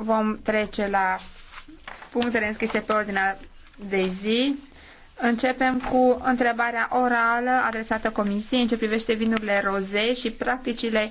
vom trece la punctele înscrise pe ordinea de zi. Începem cu întrebarea orală adresată Comisiei în ce privește vinurile roze și practicile